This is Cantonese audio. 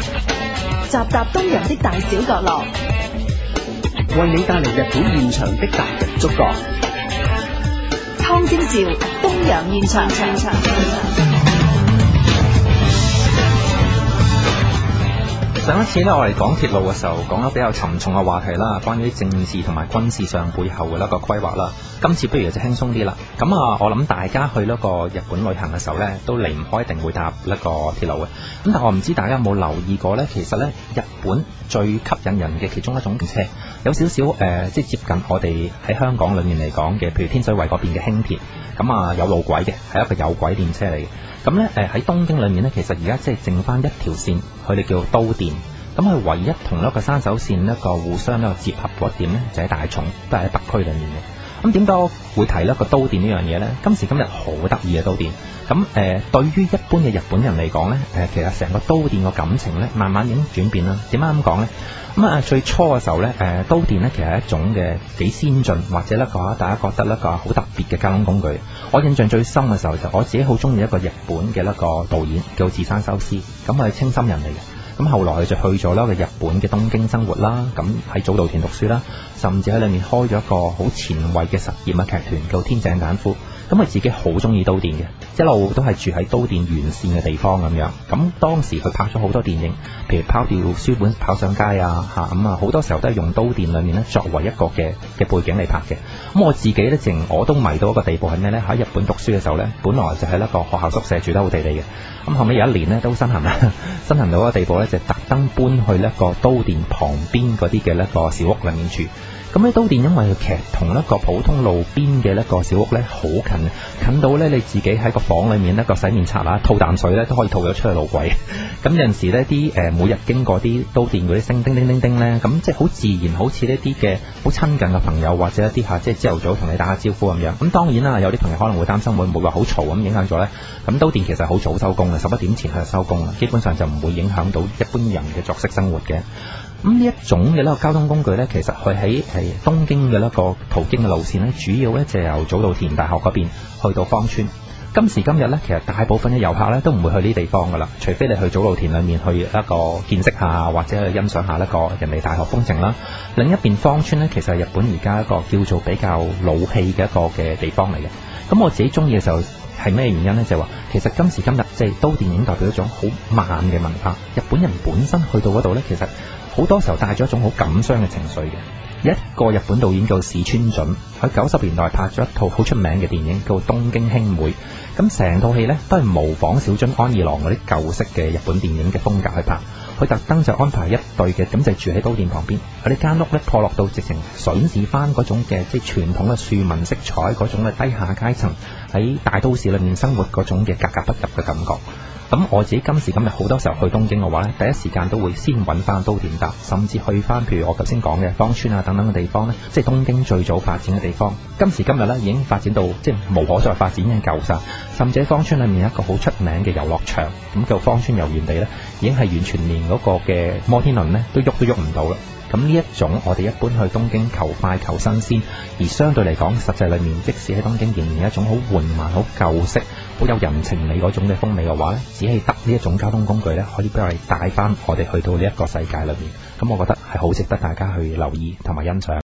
集集東洋的大小角落，為你帶嚟日本現場的大人觸覺。湯天照，東洋現場。現場，現場，現場。上一次咧，我嚟講鐵路嘅時候，講咗比較沉重嘅話題啦，關於政治同埋軍事上背後嘅一個規劃啦。今次不如就輕鬆啲啦。咁、嗯、啊，我諗大家去嗰個日本旅行嘅時候呢，都離唔開定會搭嗰個鐵路嘅。咁但我唔知大家有冇留意過呢？其實呢，日本最吸引人嘅其中一種車。有少少誒、呃，即係接近我哋喺香港裏面嚟講嘅，譬如天水圍嗰邊嘅輕鐵，咁啊有路軌嘅，係一個有軌電車嚟嘅。咁咧誒喺東京裏面咧，其實而家即係剩返一條線，佢哋叫都電，咁佢唯一同一個山手線一個互相一個接合嗰點咧，就喺、是、大重，都係喺北區裏面嘅。咁點解會提呢個都電呢樣嘢呢？今時今日好得意嘅都電。咁、呃、誒，對於一般嘅日本人嚟講呢，誒、呃、其實成個都電個感情呢，慢慢已經轉變啦。點解咁講呢？咁、嗯、啊最初嘅時候呢，呃誒都電呢其實係一種嘅幾先進，或者呢大家覺得呢個好特別嘅交通工具。我印象最深嘅時候就是、我自己好中意一個日本嘅一個導演叫寺山修司，咁係青森人嚟嘅。咁後來佢就去咗咧個日本嘅東京生活啦，咁喺早稻田讀書啦，甚至喺裏面開咗一個好前衞嘅實驗嘅劇團叫天井棧敷。咁佢自己好中意都電嘅，一路都係住喺都電沿線嘅地方咁樣。咁當時佢拍咗好多電影，譬如拋掉書本跑上街啊嚇，咁啊好多時候都係用都電裏面咧作為一個嘅嘅背景嚟拍嘅。咁我自己咧，淨我都迷到一個地步係咩咧？喺日本讀書嘅時候咧，本來就係一個學校宿舍住得好地地嘅。咁後尾有一年咧，都身痕啦，身痕到一個地步咧。就特登搬去咧個都電旁邊嗰啲嘅一個小屋裏面住。咁咧都電因為其實同一個普通路邊嘅一個小屋咧好近，近到咧你自己喺個房裏面咧個洗面刷啊、吐啖水咧都可以吐咗出去路軌。咁有陣時咧啲誒，每日經過啲都電嗰啲聲叮叮叮叮咧，咁即係好自然，好似呢啲嘅好親近嘅朋友或者一啲吓，即係朝頭早同你打下招呼咁樣。咁當然啦，有啲朋友可能會擔心會唔會話好嘈咁影響咗咧。咁都電其實好早收工嘅，十一點前佢就收工啦，基本上就唔會影響到一般人嘅作息生活嘅，咁、嗯、呢一種嘅呢個交通工具咧，其實佢喺誒東京嘅一個途經嘅路線咧，主要咧就由早稻田大學嗰邊去到芳村。今時今日咧，其實大部分嘅遊客咧都唔會去呢地方噶啦，除非你去早稻田裡面去一個見識下，或者去欣賞一下一個人哋大學風情啦。另一邊芳村咧，其實係日本而家一個叫做比較老氣嘅一個嘅地方嚟嘅。咁我自己中意嘅時候係咩原因咧？就話、是、其實今時今日即係、就是、都電影代表一種好慢嘅文化。日本人本身去到嗰度咧，其實好多時候帶咗一種好感傷嘅情緒嘅。一個日本導演叫市川準，喺九十年代拍咗一套好出名嘅電影叫《東京兄妹》。咁成套戲呢，都係模仿小津安二郎嗰啲舊式嘅日本電影嘅風格去拍，佢特登就安排一對嘅咁就住喺都電旁邊，嗰啲間屋咧破落到直情損失翻嗰種嘅即係傳統嘅庶民色彩嗰種嘅低下階層喺大都市裏面生活嗰種嘅格格不入嘅感覺。咁我自己今時今日好多時候去東京嘅話呢，第一時間都會先揾翻都電搭，甚至去翻譬如我頭先講嘅芳村啊，等等嘅地方呢，即係東京最早發展嘅地方。今時今日呢已經發展到即係無可再發展嘅舊曬。甚至芳村裏面一個好出名嘅遊樂場，咁叫芳村遊園地咧，已經係完全連嗰個嘅摩天輪咧都喐都喐唔到啦。咁呢一種我哋一般去東京求快求新鮮，而相對嚟講實際裏面，即使喺東京仍然一種好緩慢、好舊式、好有人情味嗰種嘅風味嘅話咧，只係得呢一種交通工具咧，可以畀我哋帶翻我哋去到呢一個世界裏面。咁我覺得係好值得大家去留意同埋欣賞。